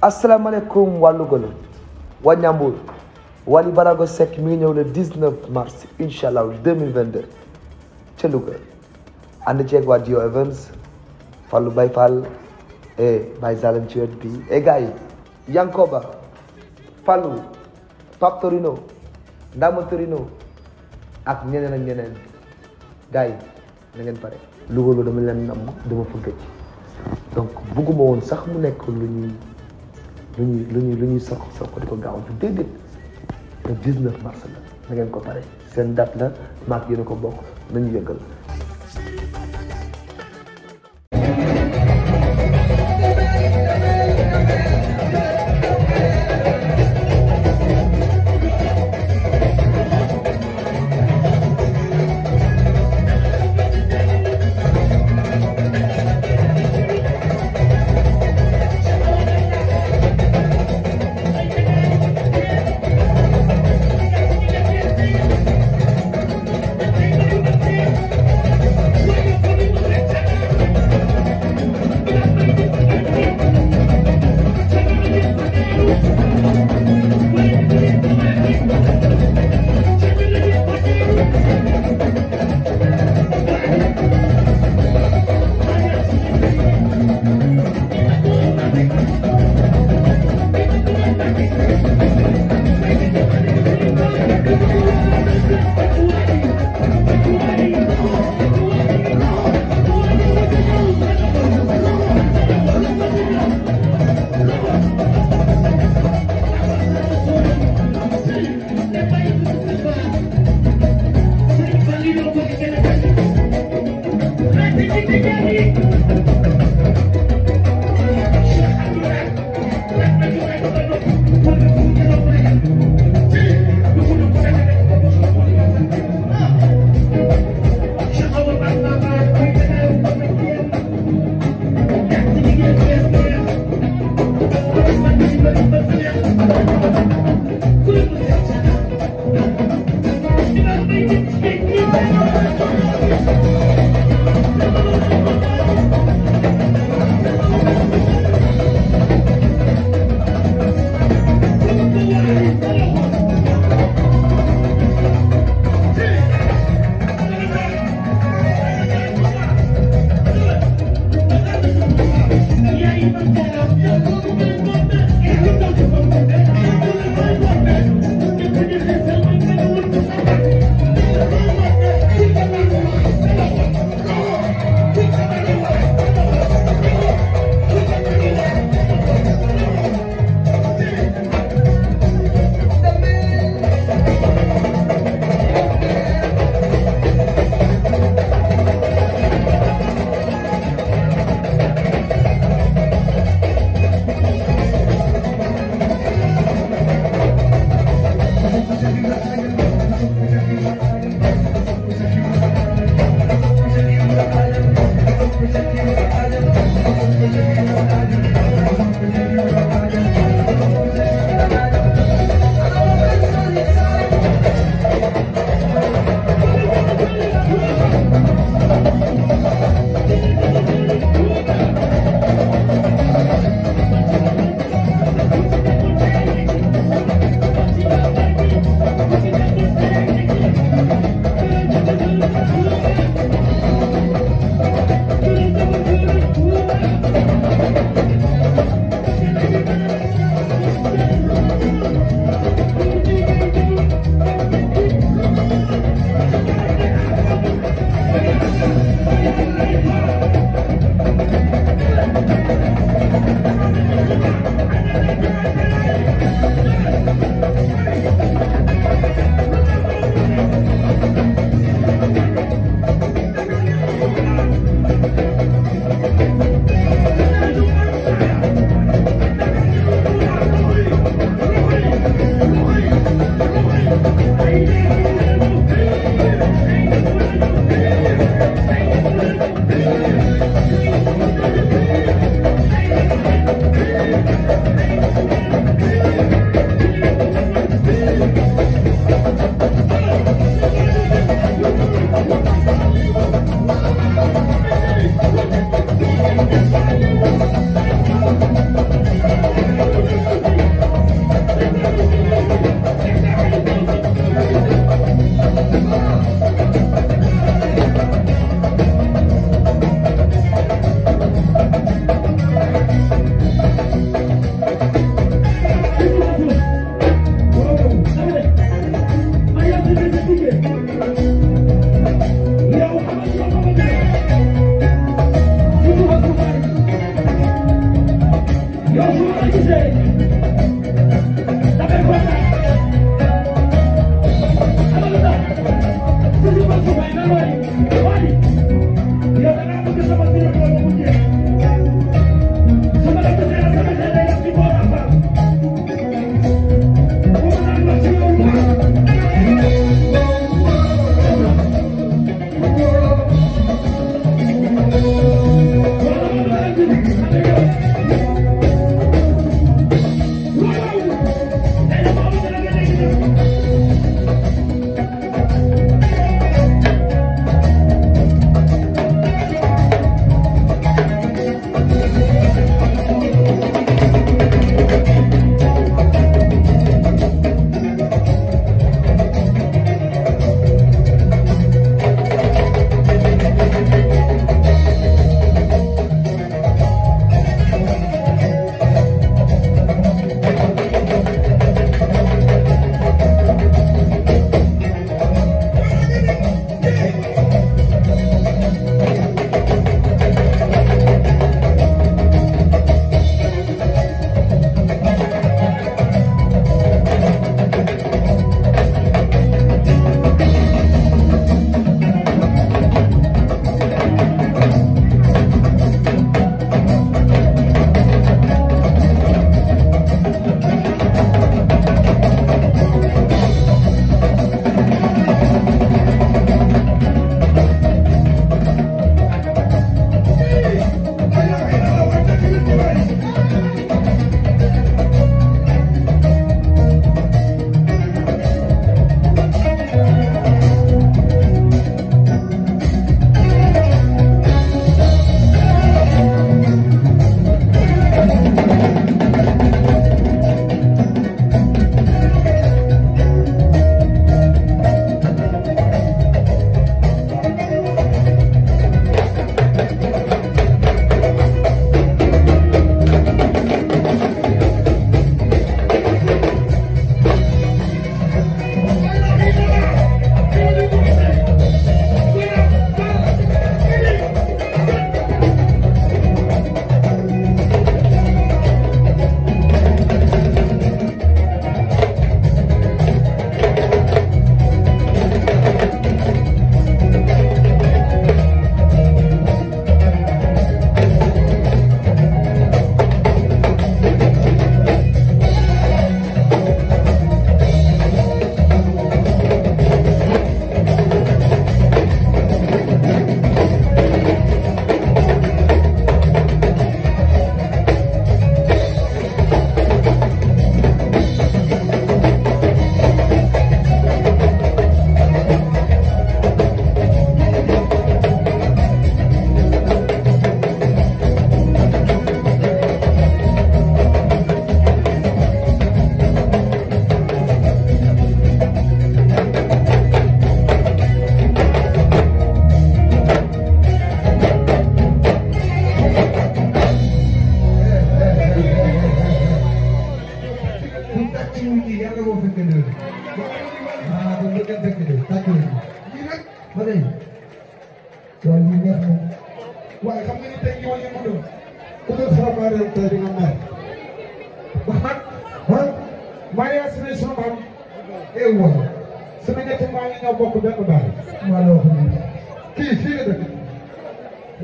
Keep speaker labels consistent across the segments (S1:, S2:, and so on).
S1: asalaamaaleykum waa Louga la waa Ñambour Wally Barago Seck mi ngi ñëw le 19 mars incha allah 2022 ca Louga ànd ceeg waa Dio Evans Fallou Baye Fall e Baye Zalem ci wet bi e gars yi Yankoba Fallou Pape Torino Ndama Torino ak ñeneen ak ñeneen gars yi na ngeen pare Louga loolu dama leen am dama fa gëj donc bugguma sax mu nekk lu lu ñuy lu ñuy lu ñuy soq soq di ko gaawantu déedéet le 19 mars la na ngeen ko pare seen date la maak yéen a ko bokk nañu yëgal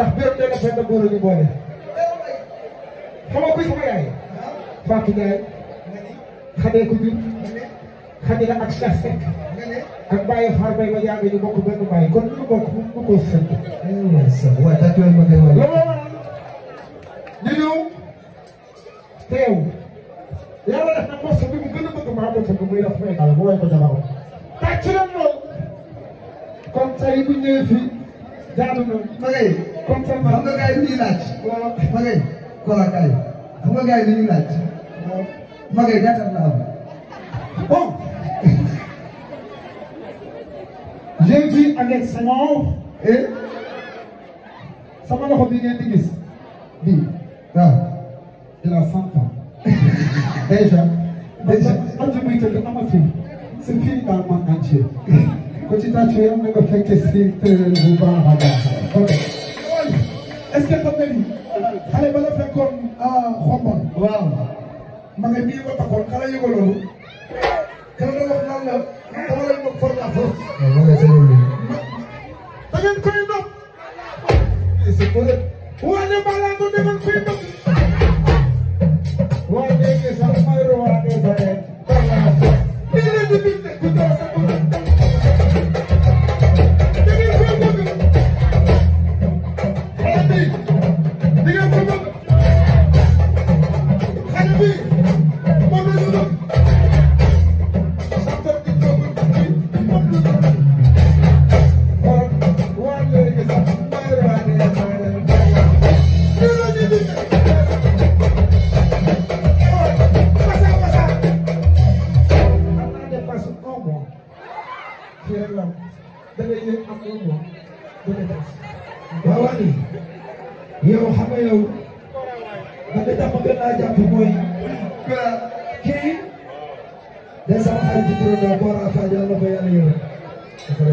S1: ndax béréb dana fekk góor a ñu boole. xam nga kuy sama yaay. Fatou Ndiaye. xamee ko jur. xamee la ak Cheikh Seck. ak Baye Fall Baye ma jàng ñu bokk benn Baye kon ñu bokk mu ko fekk. waaw d'accord ma koy waral. ñu ñëw. teew. yàlla def na mos bi mu gën a bëgg maa bëgg muy def may dal bu way ko jabaroon. tàcc na lool. kon tey bu ñëwee fii jaadu na ma ngay. xam nga gars yi dañuy laaj. ma ngay kolakaay xam nga gars yi dañuy laaj. ma ngay gàttal la am. bon. j'ai vu avec Senghor. et. sama loxo bi ngeen di gis. bii waaw. Ah. il a cent ans. déjà. déjà man de muy tëdd ama fi. c'est fini dans le monde entier. ku ci tàcc yow na nga fekke si bu baax a baax est-ce que xam nga ni xale ba la fekkoon xomba. Ah, waaw ma nga nii ba takkoon xale yëngu loolu. dama la wax naan la dama lay bëgg for la force. Ah, da ngeen koy nopp. c'est vrai. waa ne balaa ko da ngeen koy nopp. waa dégg nga sax maa ngi doon waa dégg nga sax.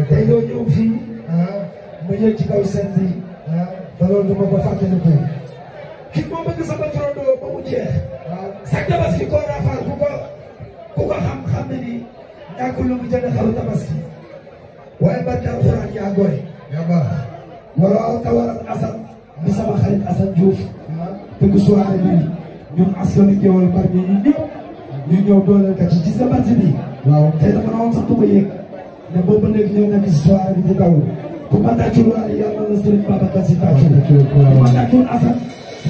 S1: tey doo ñëw fii ah ma ñëw ci kaw seen bi ah te loolu dama ko fàttaliku. kii moo bëgg sama turandoo ba jeex. waaw ah, sa tabaski koo raafaal ku ko ku ko xam xam ne ni ñàkkul lu mu jënd xaru tabaski. waaye barke alxuraan yaa gooy. yaa baax. waroo tawaral Assane. bi sama xarit Assane Diouf. Ah, dëgg soirée bi ñun askanu Géwal Bargny ñun ñëpp. ñu ñëw dooleel ka ci gis nga bant bi. waaw tey dama ne woon sax du mais boobu ba ñoo nekk si soirée bi di daw ku ma tàccul waaye yàlla na Serigne Babacar Sy tàcc. ma tàccul Assane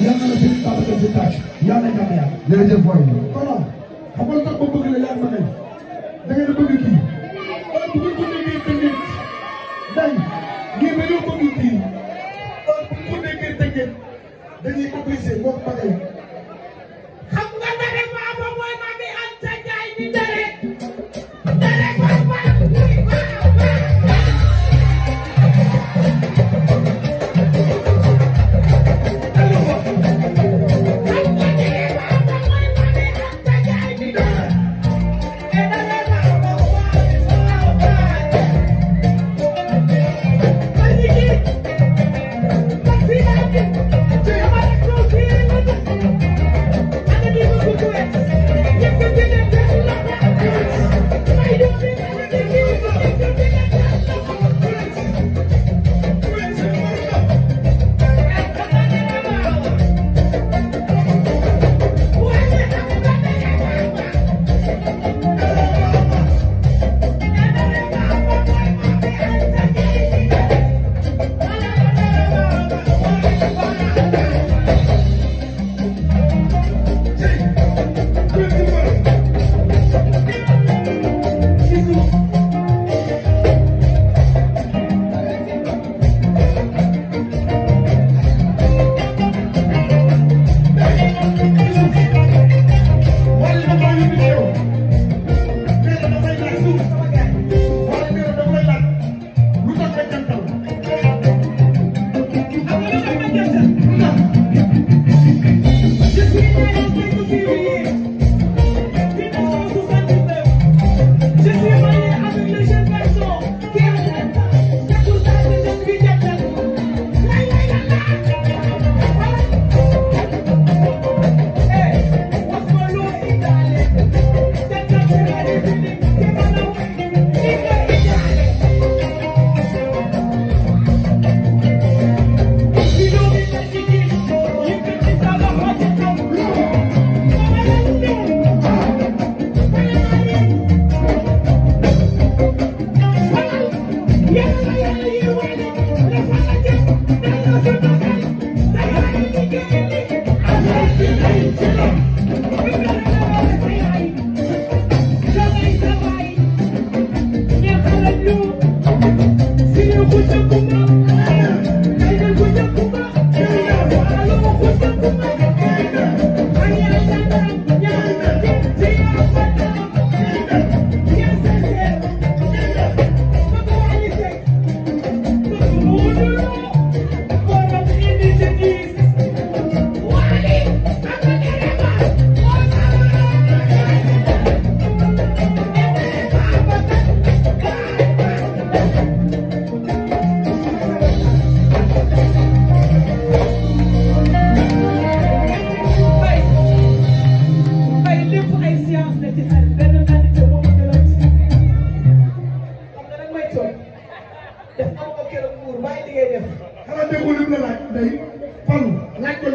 S1: yàlla na Serigne Babacar Sy tàcc yàlla na yàlla. jërëjëf booy bi. voilà xam la yaa ngi nekk a bëgg kii.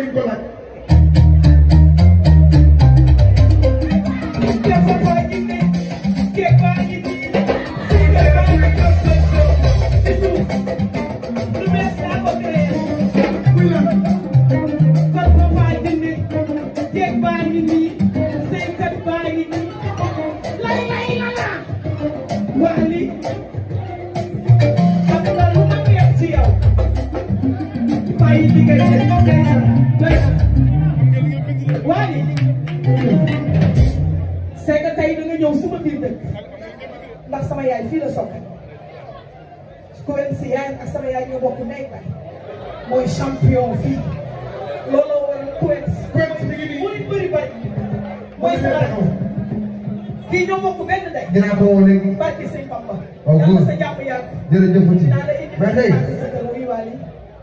S1: nañ ko laaj c'est que tey da nga ñëw suma biir dëkk ndax sama yaay fii la soppe Coen si yaay ak sama yaay ñoo bokk nekk bay mooy champion fii looloo waral Coen si muy bëri bëri mooy sama kii ñoo bokk benn day dinaa ko woo léegi barke sëñ Bamba oh, yàlla sa jàmm yàgg jërëjëf ci naa la indi sa kër wuy waali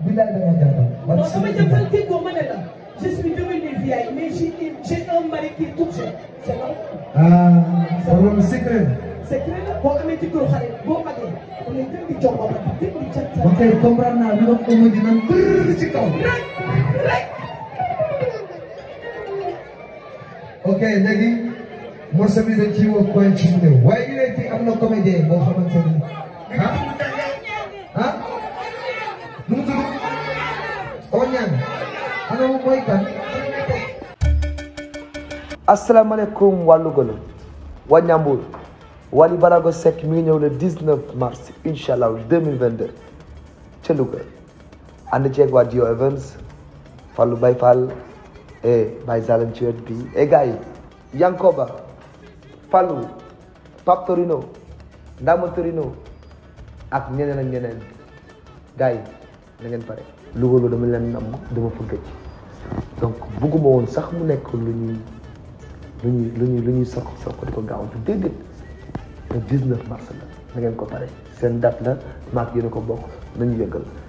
S1: bilaay dama jàppal sama jëppal déggoo ma ne la je suis devenu vieille, mais j'ai un mari qui est tout jeune. C'est vrai. ah loolu secret. secret la boo amee ci kër xale boo magee on est gën di jox ba pare gën di cat. ba tey comprendre naa ci kaw. rek rek. ok léegi morceau bi dañ ciy woo point ci mu ne waaye ñu ne fii am na comédien boo xamante ne yow mooy kan. asalaamaaleykum waa Louga la waa Ñambur Wally Balago Seck mi ngi ñëw le 19 mars incha allah 2022 ca Louga ànd ceeg waa Dio Evans Fallou Baye Fall et Baye Zalem ci wet bi et gars yi Yankoba Fallou Pape Torino Ndama Torino ak ñeneen ak ñeneen gars yi na ngeen pare Louga loolu dama leen am dama fëgg ci donc bugguma woon sax mu nekk lu nu lu ñuy lu ñuy lu ñuy soq soq di ko gaawantu déedéet le 19 mars la na ngeen ko pare seen date la maak yéen a ko bokk nañu yëgal